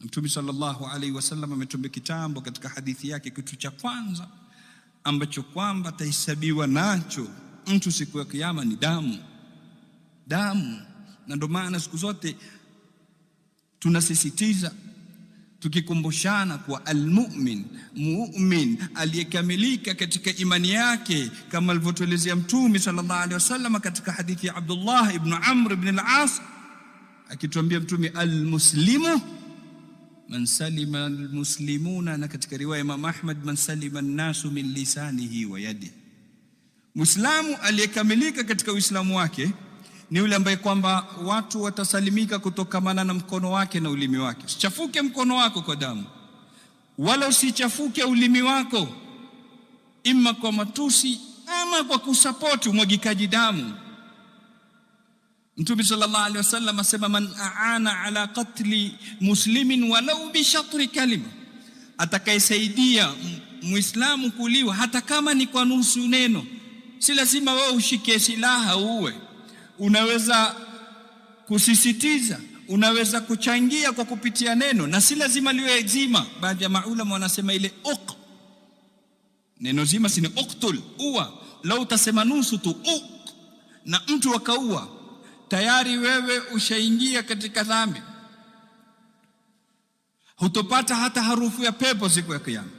Mtume sallallahu alaihi wasallam ametuambia kitambo katika hadithi yake, kitu cha kwanza ambacho kwamba atahesabiwa nacho mtu siku ya kiyama ni damu, damu. Na ndio maana siku zote tunasisitiza tukikumbushana kwa almumin, mumin aliyekamilika katika imani yake, kama alivyotuelezea Mtume sallallahu alaihi wasallam katika hadithi ya Abdullah ibn Amr ibn al-As, akituambia Mtume almuslimu man salima almuslimuna, na katika riwaya Imam Ahmad, man salima nnasu min lisanihi wa yadihi, muislamu aliyekamilika katika uislamu wake ni yule ambaye kwamba watu watasalimika kutokamana na mkono wake na ulimi wake. Usichafuke mkono wako kwa damu, wala usichafuke ulimi wako, ima kwa matusi ama kwa kusapoti umwagikaji damu. Mtume sallallahu alaihi wasallam asema, man aana ala qatli muslimin walau bishatri kalima, atakayesaidia muislamu kuliwa hata kama ni kwa nusu neno. Si lazima wewe ushike silaha uwe, unaweza kusisitiza, unaweza kuchangia kwa kupitia neno, na si lazima liwe zima. Baadhi ya maulama wanasema ile uq neno zima, si ni uqtul, uwa. Lau utasema nusu tu uq na mtu akauwa tayari wewe ushaingia katika dhambi, hutopata hata harufu ya pepo siku ya Kiyama.